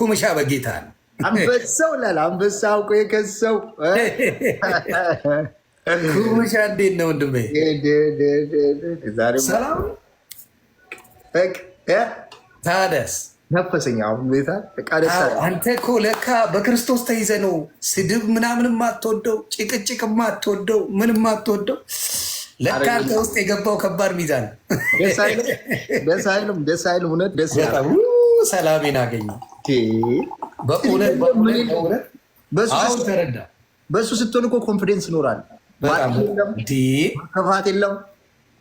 ኩምሻ በጌታ ነው። አንበሳው ላል አንበሳ አውቆ የከሰው ኩምሻ። እንዴት ነው ወንድሜ? ሰላም ታዲያስ ነፈሰኛ ሁኔታ አንተ እኮ ለካ በክርስቶስ ተይዘ ነው። ስድብ ምናምን ማትወደው፣ ጭቅጭቅ ማትወደው፣ ምን ማትወደው ለካ አንተ ውስጥ የገባው ከባድ ሚዛን ደስ አይልም። ደስ አይልም። ደስ አይልም። እውነት ደስ ሰላሜን አገኘ። በእውነት ተረዳ። በእሱ ስትሆን እኮ ኮንፊደንስ ይኖራል። ክፋት የለም።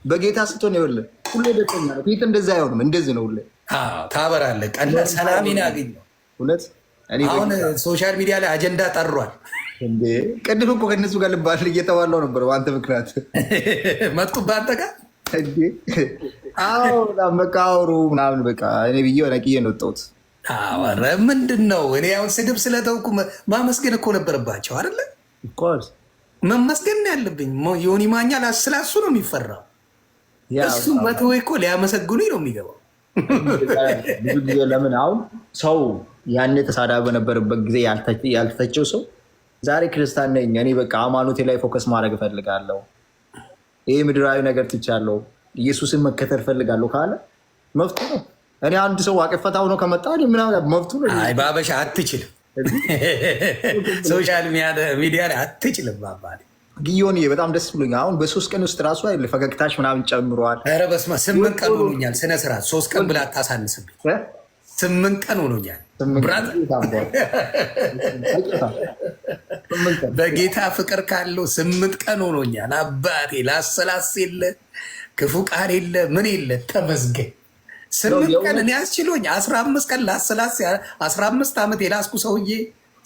በጌታ ስትሆን ይኸውልህ ሁሌ ደስተኛ ነው። ፊት እንደዚህ አይሆንም። እንደዚህ ነው። ሁሌ ታበራለህ። ቀና ሰላሜን አገኘ። እውነት አሁን ሶሻል ሚዲያ ላይ አጀንዳ ጠሯል። ቅድም እኮ ከእነሱ ጋር ልባል እየተባለው ነበር። አንተ ምክንያት መጥኩ በአንተ ጋር በቃ ምናምን በቃ እኔ ብዬ ነቅዬ ነው ወጣሁት። አረ ምንድን ነው እኔ አሁን ስድብ ስለተውኩ ማመስገን እኮ ነበረባቸው አይደለ? መመስገን ነው ያለብኝ። ዮኒ ማኛ ስላሱ ነው የሚፈራው። እሱ መቶ እኮ ሊያመሰግኑኝ ነው የሚገባው። ብዙ ጊዜ ለምን አሁን ሰው ያን ተሳዳ በነበረበት ጊዜ ያልተተቸው ሰው ዛሬ ክርስቲያን ነኝ እኔ በቃ ሃይማኖቴ ላይ ፎከስ ማድረግ እፈልጋለሁ፣ ይህ ምድራዊ ነገር ትቻለሁ ኢየሱስን መከተል ፈልጋለሁ ካለ መብቱ ነው። እኔ አንድ ሰው አቀፈታው ሆኖ ከመጣ መብቱ ነው። አትችልም፣ ሶሻል ሚዲያ ላይ አትችልም። ባባ ጊዮን በጣም ደስ ብሎኛል። አሁን በሶስት ቀን ውስጥ ራሱ አይደል ፈገግታሽ ምናምን ጨምሯል። ኧረ በስመ አብ ስምንት ቀን ሆኖኛል። ስነ ስርዓት ሶስት ቀን ብላ አታሳንስብኝ። ስምንት ቀን ሆኖኛል። በጌታ ፍቅር ካለው ስምንት ቀን ሆኖኛል። አባቴ ላሰላስ የለ ክፉ ቃል የለ ምን የለ ተመዝገኝ። ስምንት ቀን እኔ አስችሎኝ አስራ አምስት ቀን ላስላስ አስራ አምስት ዓመት የላስኩ ሰውዬ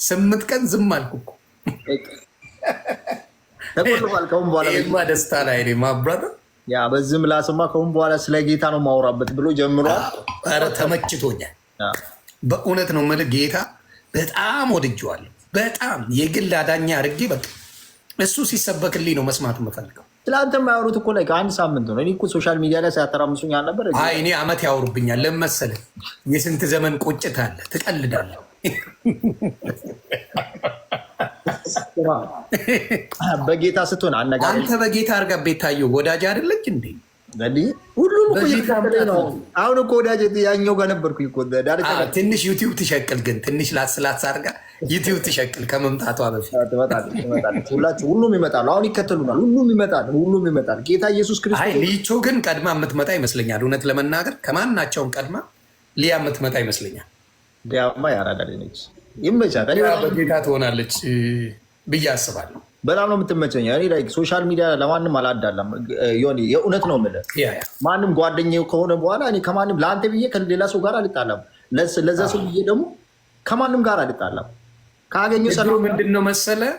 ስምንት ቀን ዝም አልኩ እኮ ይሄማ ደስታ ላይ ማብራት ያ በዚህ ምላስማ ከሁን በኋላ ስለ ጌታ ነው ማውራበት ብሎ ጀምሯል። ኧረ ተመችቶኛል። በእውነት ነው የምልህ ጌታ በጣም ወድጀዋለሁ። በጣም የግል አዳኛ አድርጌ በቃ እሱ ሲሰበክልኝ ነው መስማት የምፈልገው። ስለአንተ የማያወሩት እኮ ላይ ከአንድ ሳምንት ነው። እኔ እኮ ሶሻል ሚዲያ ላይ ሳያተራምሱኝ አልነበር። አይ እኔ አመት ያወሩብኛል። ለምን መሰለህ? የስንት ዘመን ቁጭት አለ። ትቀልዳለህ። በጌታ ስትሆን አነጋ አንተ በጌታ አርጋ ቤታየሁ ወዳጅ አይደለች እንዴ? ሁሉ አሁን እኮ ወዳጅ ያኛው ጋር ነበርኩ። እኮ ትንሽ ዩቲዩብ ትሸቅል፣ ግን ትንሽ ላስላት አድርጋ ዩቲዩብ ትሸቅል ከመምጣቷ በፊት ሁሉም ይመጣሉ። አሁን ይከተሉናል። ሁሉም ይመጣል። ሁሉም ይመጣል። ጌታ ኢየሱስ ክርስቶስ ልይቾ ግን ቀድማ የምትመጣ ይመስለኛል። እውነት ለመናገር ከማናቸውም ቀድማ ሊያ የምትመጣ ይመስለኛል። ሊያማ ያራዳ ነች። ይመቻታል። በጌታ ትሆናለች ብዬ አስባለሁ። በጣም ነው የምትመቸኝ። ሶሻል ሚዲያ ለማንም አላዳላም። የእውነት ነው የምልህ። ማንም ጓደኛ ከሆነ በኋላ እኔ ከማንም ለአንተ ብዬ ከሌላ ሰው ጋር አልጣላም። ለዛ ሰው ብዬ ደግሞ ከማንም ጋር አልጣላም። ካገኘሁ ሰው ምንድን ነው መሰለህ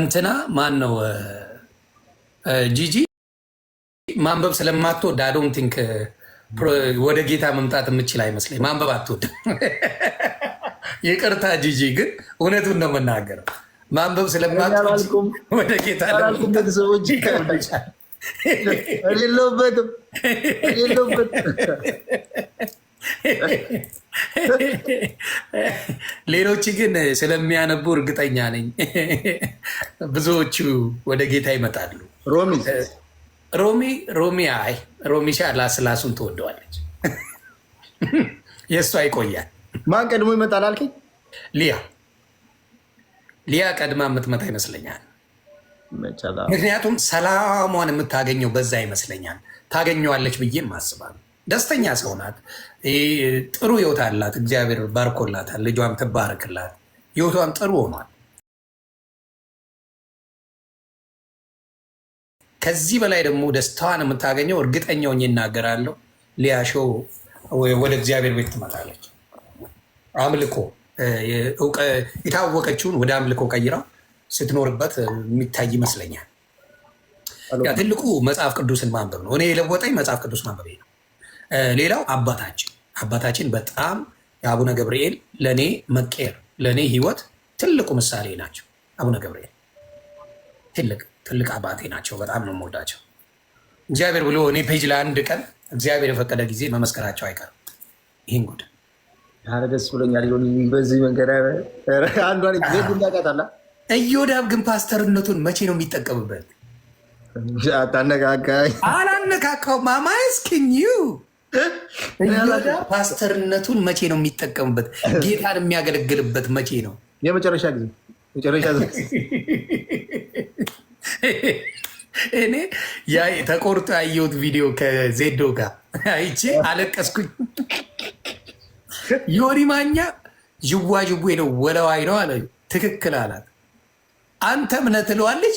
እንትና ማን ነው ጂጂ ማንበብ ስለማትወድ አዶን ቲንክ ወደ ጌታ መምጣት የምችል አይመስለኝ። ማንበብ አትወድ። ይቅርታ ጂጂ፣ ግን እውነቱን ነው የምናገረው ማንበብ ስለማልኩም ወደ ጌታ ለኩም ቤተሰቦች ሌሎች ግን ስለሚያነቡ እርግጠኛ ነኝ ብዙዎቹ ወደ ጌታ ይመጣሉ። ሮሚ ሮሚ ሮሚ አይ ሮሚሻ ላስላሱን ትወደዋለች። የእሷ ይቆያል። ማን ቀድሞ ይመጣል አልከኝ? ሊያ ሊያ ቀድማ የምትመጣ ይመስለኛል። ምክንያቱም ሰላሟን የምታገኘው በዛ ይመስለኛል። ታገኘዋለች ብዬም ማስባል። ደስተኛ ሰው ናት። ጥሩ ህይወት አላት። እግዚአብሔር ባርኮላታል። ልጇም ትባርክላት። ህይወቷም ጥሩ ሆኗል። ከዚህ በላይ ደግሞ ደስታዋን የምታገኘው እርግጠኛው ይናገራለሁ። ሊያሾ ወደ እግዚአብሔር ቤት ትመጣለች አምልኮ የታወቀችውን ወደ አምልኮ ቀይራ ስትኖርበት የሚታይ ይመስለኛል። ትልቁ መጽሐፍ ቅዱስን ማንበብ ነው። እኔ የለወጠኝ መጽሐፍ ቅዱስ ማንበብ ነው። ሌላው አባታችን አባታችን በጣም የአቡነ ገብርኤል ለእኔ መቀየር ለእኔ ህይወት ትልቁ ምሳሌ ናቸው። አቡነ ገብርኤል ትልቅ ትልቅ አባቴ ናቸው። በጣም ነው የምወዳቸው። እግዚአብሔር ብሎ እኔ ፔጅ ለአንድ ቀን እግዚአብሔር የፈቀደ ጊዜ መመስከራቸው አይቀርም። ይህን ጉዳይ ያለ ደስ ብሎኛል። በዚህ መንገድ አንዷን ጊዜ ቡና እዮዳብ ግን ፓስተርነቱን መቼ ነው የሚጠቀምበት? አታነካካ አላነካካው ማማስክኝ እዮዳብ ፓስተርነቱን መቼ ነው የሚጠቀምበት? ጌታን የሚያገለግልበት መቼ ነው? የመጨረሻ ጊዜ መጨረሻ እኔ ያ ተቆርጦ ያየሁት ቪዲዮ ከዜዶ ጋር አይቼ አለቀስኩኝ። ዮኒ ማኛ ጅዋጅዌ ነው ወለዋይ ነው አለ። ትክክል አላት። አንተ እምነት ትለዋለች።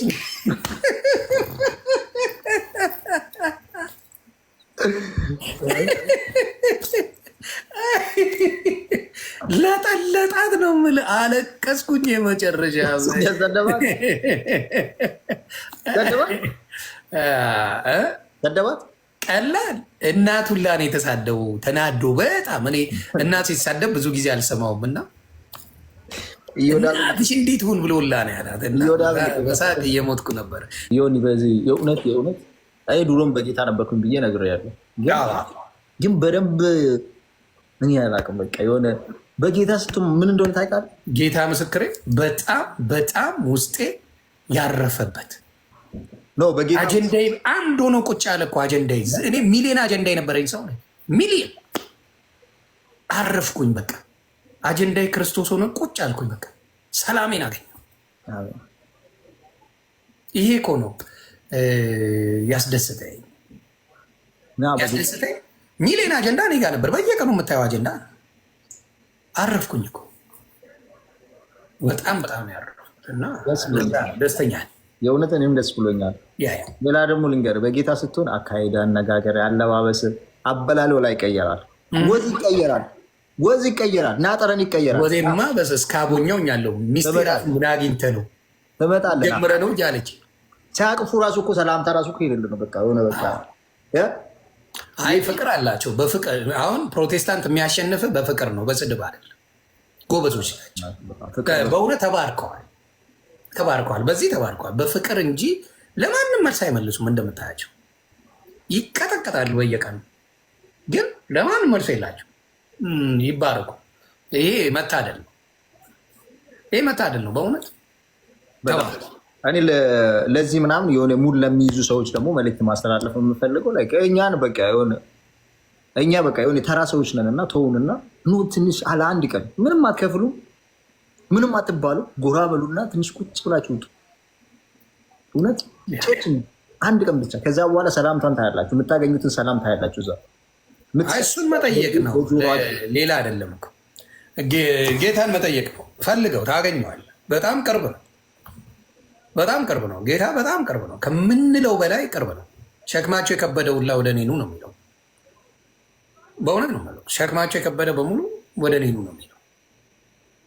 ለጠለጣት ነው ምል አለቀስኩኝ። የመጨረሻ ቀላል እናቱን ላን የተሳደቡ። ተናዶ በጣም እኔ እናት ሲሳደብ ብዙ ጊዜ አልሰማውም እና እናትሽ እንዴት ሁን ነው ያላት። እየሞትኩ ነበር። ዮኒ በዚህ የእውነት የእውነት አይ ድሮም በጌታ ነበርኩኝ ብዬ ነግሬያለሁ፣ ግን በደንብ እኔ አላውቅም። በቃ የሆነ በጌታ ስትሆን ምን እንደሆነ ታውቃለህ። ጌታ ምስክሬ በጣም በጣም ውስጤ ያረፈበት አጀንዳይ አንድ ሆኖ ቁጭ ያለ እኮ አጀንዳይ። እኔ ሚሊዮን አጀንዳ የነበረኝ ሰው ሚሊዮን አረፍኩኝ። በቃ አጀንዳይ ክርስቶስ ሆነ ቁጭ አልኩኝ። በቃ ሰላሜን አገኘ። ይሄ እኮ ነው ያስደስተኝ። ያስደስተኝ ሚሊዮን አጀንዳ እኔ ጋ ነበር። በየቀኑ የምታየው አጀንዳ አረፍኩኝ እኮ በጣም በጣም ያረፍኩት እና ደስተኛ የእውነት እኔም ደስ ብሎኛል። ሌላ ደግሞ ልንገር፣ በጌታ ስትሆን አካሄድ፣ አነጋገር፣ አለባበስ፣ አበላለው ላይ ይቀየራል። ወዝ ይቀየራል። ወዝ ይቀየራል። ናጠረን ይቀየራል። ወዜማ እስካቦኛው ኛለሁ ሚስቴራ ምን አግኝተህ ነው ትመጣለህ ጀምረ ነው እያለች ሲያቅፉ ራሱ እኮ ሰላምታ ራሱ እኮ ይልል ነው። በቃ ሆነ በቃ አይ ፍቅር አላቸው። በፍቅር አሁን ፕሮቴስታንት የሚያሸንፍ በፍቅር ነው፣ በስድብ አይደለም። ጎበዞች ናቸው። በእውነት ተባርከዋል፣ ተባርከዋል፣ በዚህ ተባርከዋል፣ በፍቅር እንጂ ለማንም መልስ አይመልሱም። እንደምታያቸው ይቀጠቀጣሉ በየቀኑ ግን ለማንም መልስ የላቸው። ይባረኩ። ይሄ መታደል ነው። ይሄ መታደል ነው በእውነት እኔ ለዚህ ምናምን የሆነ ሙድ ለሚይዙ ሰዎች ደግሞ መልዕክት ማስተላለፍ የምፈልገው ላይ እኛን በቃ የሆነ እኛ በቃ የሆነ ተራ ሰዎች ነን እና ተውንና ኑ ትንሽ አለ አንድ ቀን ምንም አትከፍሉ ምንም አትባሉ፣ ጎራ በሉና ትንሽ ቁጭ ብላችሁ እውነት አንድ ቀን ብቻ። ከዛ በኋላ ሰላምቷን ታያላችሁ፣ የምታገኙትን ሰላም ታያላችሁ። እዛ እሱን መጠየቅ ነው፣ ሌላ አይደለም። ጌታን መጠየቅ ነው። ፈልገው ታገኘዋል። በጣም ቅርብ ነው፣ በጣም ቅርብ ነው። ጌታ በጣም ቅርብ ነው፣ ከምንለው በላይ ቅርብ ነው። ሸክማቸው የከበደ ሁላ ወደ እኔ ኑ ነው የሚለው። በእውነት ነው የምለው። ሸክማቸው የከበደ በሙሉ ወደ እኔ ኑ ነው የሚለው።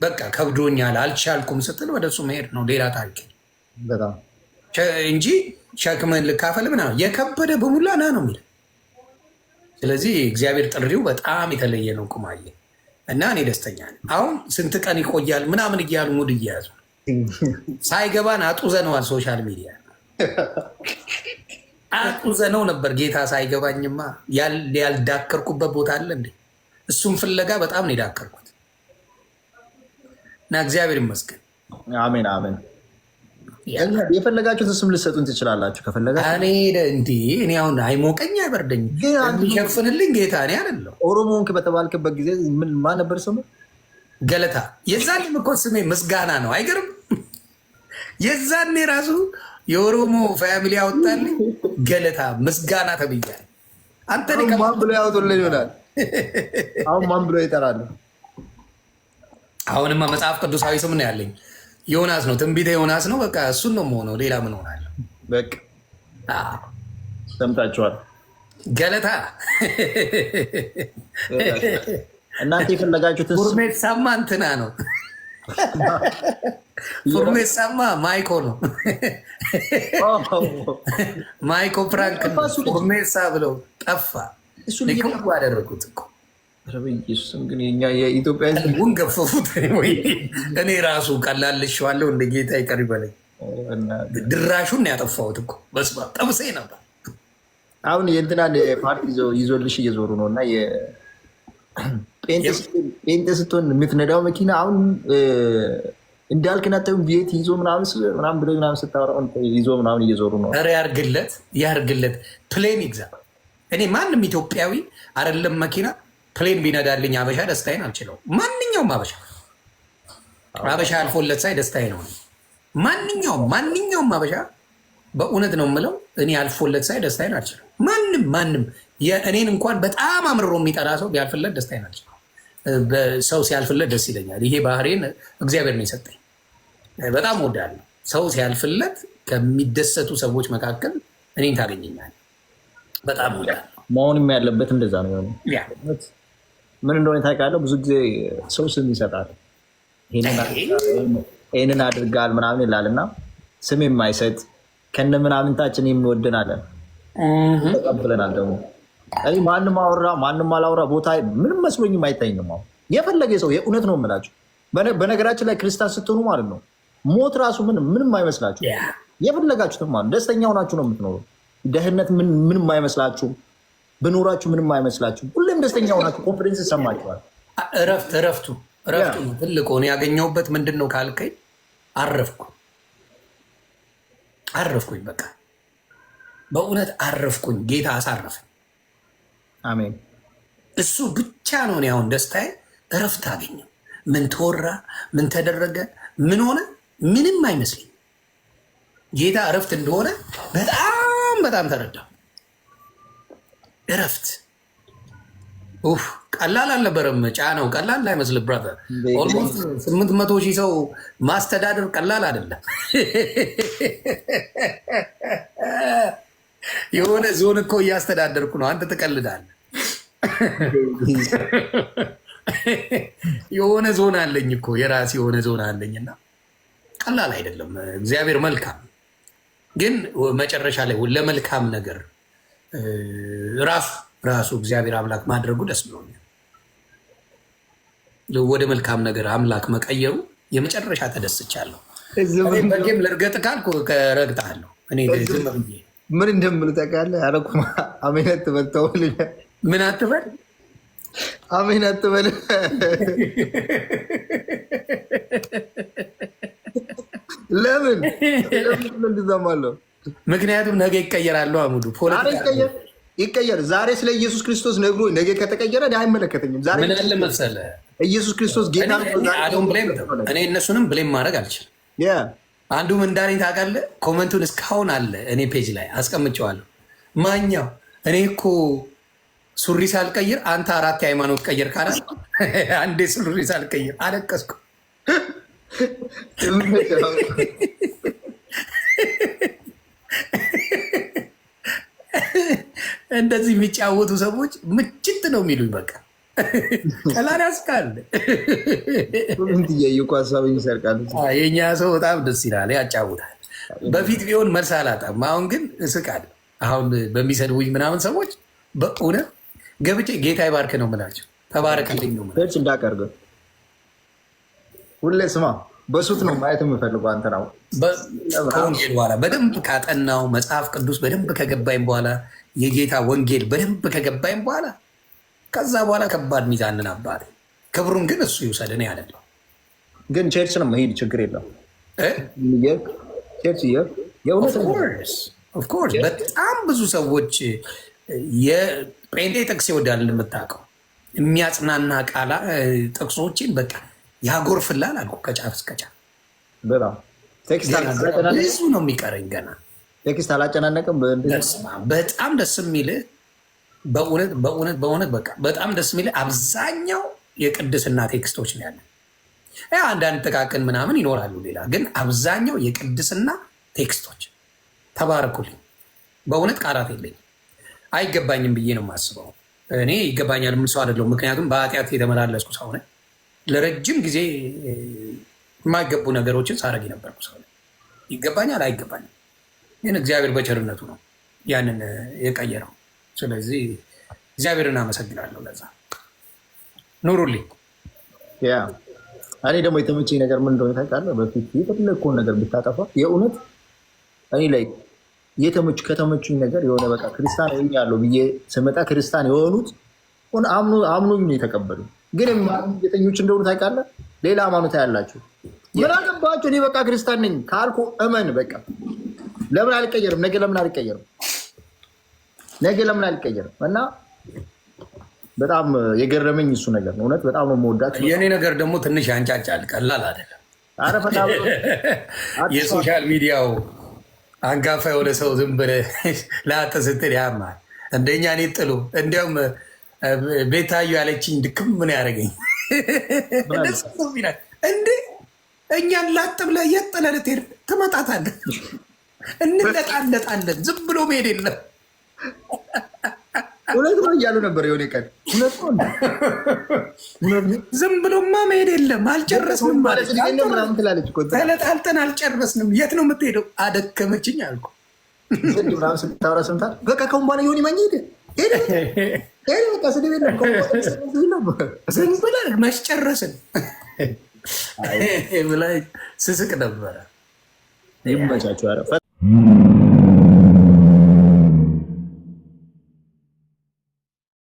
በቃ ከብዶኛል፣ አልቻልኩም ስትል ወደ እሱ መሄድ ነው። ሌላ ታሪክ በጣም እንጂ ሸክምን ልካፈል ምና የከበደ በሙላ ና ነው የሚለው። ስለዚህ እግዚአብሔር ጥሪው በጣም የተለየ ነው። ቁማዬ እና እኔ ደስተኛ ነኝ። አሁን ስንት ቀን ይቆያል ምናምን እያሉ ሙድ እየያዙ ሳይገባን አጡዘነዋል። ሶሻል ሚዲያ አጡዘነው ነበር ጌታ ሳይገባኝማ ያልዳከርኩበት ቦታ አለ እንዴ? እሱም ፍለጋ በጣም ነው የዳከርኩት እና እግዚአብሔር ይመስገን። አሜን አሜን። የፈለጋችሁት ስም ልሰጡን ትችላላችሁ። ከፈለጋ እኔ እኔ አሁን አይሞቀኝ አይበርደኝ፣ የሚሸፍንልኝ ጌታ እኔ አይደለሁ። ኦሮሞንክ በተባልክበት ጊዜ ምን ማ ነበር ስሙ? ገለታ። የዛኔም እኮ ስሜ ምስጋና ነው። አይገርም? የዛኔ ራሱ የኦሮሞ ፋሚሊ ያወጣልኝ ገለታ ምስጋና ተብያል። አንተ ማን ብሎ ያወጡልን ይሆናል? አሁን ማን ብሎ ይጠራሉ? አሁንማ መጽሐፍ ቅዱሳዊ ስም ነው ያለኝ ዮናስ ነው ትንቢተ ዮናስ ነው። በቃ እሱን ነው የምሆነው። ሌላ ምን ሆናለሁ? በቃ ሰምታችኋል። ገለታ እናንተ የፈለጋችሁት ፉርሜት ሳማ እንትና ነው። ፉርሜት ሳማ ማይኮ ነው። ማይኮ ፕራንክ ነው። ፉርሜት ሳ ብለው ጠፋ። ልክ አደረጉት እኮ ኢየሱስም ግን የኛ የኢትዮጵያ ህዝቡን ገፈፉት። እኔ ራሱ ቀላልሸዋለሁ እንደ ጌታ ይቀር ይበለኝ። ድራሹን ያጠፋሁት እኮ በስመ አብ ጠብሴ ነበር። አሁን የእንትናን ፓርቲ ይዞልሽ እየዞሩ ነው እና ጴንጤ ስትሆን የምትነዳው መኪና አሁን እንዳልክናተም ቤት ይዞ ምናምን ምናምን ብለህ ምናምን ስታወራው ይዞ ምናምን እየዞሩ ነው። ኧረ ያርግለት ያርግለት፣ ፕሌን ይግዛ። እኔ ማንም ኢትዮጵያዊ አይደለም መኪና ፕሌን ቢነዳልኝ አበሻ ደስታዬን አልችለው። ማንኛውም አበሻ አበሻ አልፎለት ሳይ ደስታዬ ነው። ማንኛውም ማንኛውም አበሻ በእውነት ነው የምለው እኔ አልፎለት ሳይ ደስታዬን አልችለው። ማንም ማንም እኔን እንኳን በጣም አምርሮ የሚጠራ ሰው ቢያልፍለት ደስታዬን አልችለው። ሰው ሲያልፍለት ደስ ይለኛል። ይሄ ባህሬን እግዚአብሔር ነው የሰጠኝ። በጣም ወዳለ ሰው ሲያልፍለት ከሚደሰቱ ሰዎች መካከል እኔን ታገኘኛል። በጣም ወዳለ መሆንም ያለበት እንደዛ ነው። ምን እንደሆነ ታውቃለህ? ብዙ ጊዜ ሰው ስም ይሰጣል። ይህንን አድርጋል ምናምን ይላል እና ስም የማይሰጥ ከነ ምናምንታችን የምንወደናለን ተቀብለናል። ደግሞ ማንም አወራ ማንም አላወራ ቦታ ምንም መስሎኝም አይታይኝም። አሁን የፈለገ ሰው የእውነት ነው የምላችሁ? በነገራችን ላይ ክርስቲያን ስትሆኑ ማለት ነው ሞት ራሱ ምንም አይመስላችሁ። የፈለጋችሁትም ደስተኛ ሆናችሁ ነው የምትኖሩ። ደህንነት ምንም አይመስላችሁም። በኖራችሁ ምንም አይመስላችሁም። ሁሌም ደስተኛ ሆናችሁ ኮንፊደንስ ይሰማችኋል። እረፍት እረፍቱ እረፍቱ ነው ትልቁ። ያገኘሁበት ምንድን ነው ካልከኝ አረፍኩ አረፍኩኝ። በቃ በእውነት አረፍኩኝ። ጌታ አሳረፈኝ። አሜን። እሱ ብቻ ነው እኔ አሁን ደስታዬ። እረፍት አገኘሁ። ምን ተወራ፣ ምን ተደረገ፣ ምን ሆነ ምንም አይመስልኝ ጌታ እረፍት እንደሆነ በጣም በጣም ተረዳው። እረፍት ቀላል አልነበረም። ጫነው ቀላል አይመስልም ብራ ኦልሞስት ስምንት መቶ ሺህ ሰው ማስተዳደር ቀላል አይደለም። የሆነ ዞን እኮ እያስተዳደርኩ ነው። አንተ ትቀልዳለህ። የሆነ ዞን አለኝ እኮ የራስ የሆነ ዞን አለኝና ቀላል አይደለም። እግዚአብሔር መልካም ግን መጨረሻ ላይ ለመልካም ነገር ራፍ ራሱ እግዚአብሔር አምላክ ማድረጉ ደስ ብሎኛል። ወደ መልካም ነገር አምላክ መቀየሩ የመጨረሻ ተደስቻለሁ። በጌም ልርገጥ ካልኩ ረግጣለሁ። እኔ ምን እንደምል ታውቃለህ? አረኩማ አሜን አትበል፣ ተውልኛል። ምን አትበል? አሜን አትበል። ለምን ለምን እንዲዛማለሁ ምክንያቱም ነገ ይቀየራሉ። አሙዱ ይቀየር። ዛሬ ስለ ኢየሱስ ክርስቶስ ነግሮ ነገ ከተቀየረ አይመለከተኝም። ምን አለ ኢየሱስ ክርስቶስ ጌታ እኔ እነሱንም ብሌም ማድረግ አልችልም። አንዱ እንዳኔ ታውቃለህ፣ ኮመንቱን እስካሁን አለ እኔ ፔጅ ላይ አስቀምጨዋለሁ። ማኛው እኔ እኮ ሱሪ ሳልቀይር አንተ አራት የሃይማኖት ቀየር ካላ አንዴ ሱሪ ሳልቀይር አለቀስኩ። እንደዚህ የሚጫወቱ ሰዎች ምችት ነው የሚሉኝ። በቃ ቀላል ያስቃል። ሀሳብ ይሰርቃል። የእኛ ሰው በጣም ደስ ይላል፣ ያጫውታል። በፊት ቢሆን መልስ አላጣም። አሁን ግን እስቃል። አሁን በሚሰድቡኝ ምናምን ሰዎች በእውነት ገብቼ ጌታ ይባርክ ነው ምላቸው። ተባረክልኝ ነው ምላቸው። እንዳቀርገ ሁሌ ስማ በሱት ነው ማየት የምፈልገው። አንተ ነው ከወንጌል በኋላ በደንብ ካጠናው መጽሐፍ ቅዱስ በደንብ ከገባይም በኋላ የጌታ ወንጌል በደንብ ከገባይም በኋላ ከዛ በኋላ ከባድ ሚዛንን አባት ክብሩን ግን እሱ ይውሰድን ያለ ነው። ግን ቸርች ነው መሄድ ችግር የለው። በጣም ብዙ ሰዎች የጴንጤ ጥቅስ ይወዳል እንደምታውቀው የሚያጽናና ቃላ ጥቅሶችን በቃ ያጎርፍላል አልኩ ከጫፍ እስከ ጫፍ ብዙ ነው የሚቀረኝ ገና። ቴክስት አላጨናነቅም። በጣም ደስ የሚል በእውነት በእውነት በእውነት በቃ በጣም ደስ የሚል አብዛኛው የቅድስና ቴክስቶች ነው ያለ። አንዳንድ ጥቃቅን ምናምን ይኖራሉ ሌላ፣ ግን አብዛኛው የቅድስና ቴክስቶች ተባረኩልኝ። በእውነት ቃላት የለኝ አይገባኝም ብዬ ነው የማስበው። እኔ ይገባኛል ምን ሰው አይደለሁም። ምክንያቱም በኃጢአት የተመላለስኩ ሰው ነኝ። ለረጅም ጊዜ የማይገቡ ነገሮችን ሳረግ ነበር። ሰው ይገባኛል፣ አይገባኝም። ግን እግዚአብሔር በቸርነቱ ነው ያንን የቀየረው። ስለዚህ እግዚአብሔርን አመሰግናለሁ። ለዛ ኑሩልኝ። እኔ ደግሞ የተመቸኝ ነገር ምን እንደሆነ ታውቃለህ? በፊት የፈለግከውን ነገር ብታጠፋ የእውነት እኔ ላይ የተመች ከተመቹኝ ነገር የሆነ በቃ ክርስቲያን ያለው ብዬ ስመጣ ክርስቲያን የሆኑት አምኖኝ ነው የተቀበሉኝ ግን የተኞች እንደሆኑ ታውቃለህ። ሌላ ሃይማኖት ያላችሁ ምን አገባቸው? እኔ በቃ ክርስቲያን ነኝ ካልኩ እመን በቃ። ለምን አልቀየርም? ነገ ለምን አልቀየርም? ነገ ለምን አልቀየርም? እና በጣም የገረመኝ እሱ ነገር ነው። እውነት በጣም ነው የምወዳት። የእኔ ነገር ደግሞ ትንሽ ያንጫጫል፣ ቀላል አይደለም። የሶሻል ሚዲያው አንጋፋ የሆነ ሰው ዝም ብለህ ለአንተ ስትል ያማል። እንደኛ እኔ ጥሉ እንዲያውም ቤታዩ ያለችኝ ድክም ምን ያደረገኝ እንዴ? እኛን ላጥ ብለህ የት ጥለህ ልትሄድ ትመጣታለህ? እንለጣለጣለን። ዝም ብሎ መሄድ የለም። ሁለት ነው እያሉ ነበር የሆነ ቀን። ዝም ብሎማ መሄድ የለም። አልጨረስንም ማለት ተለጣልጠን አልጨረስንም። የት ነው የምትሄደው? አደከመችኝ አልኩ። ስታወራ ሰምታል። በቃ ከሁን በኋላ የሆን ይመኝ ሄደ ዝም ብላ ስስቅ ነበረ። ይመቻችሁ።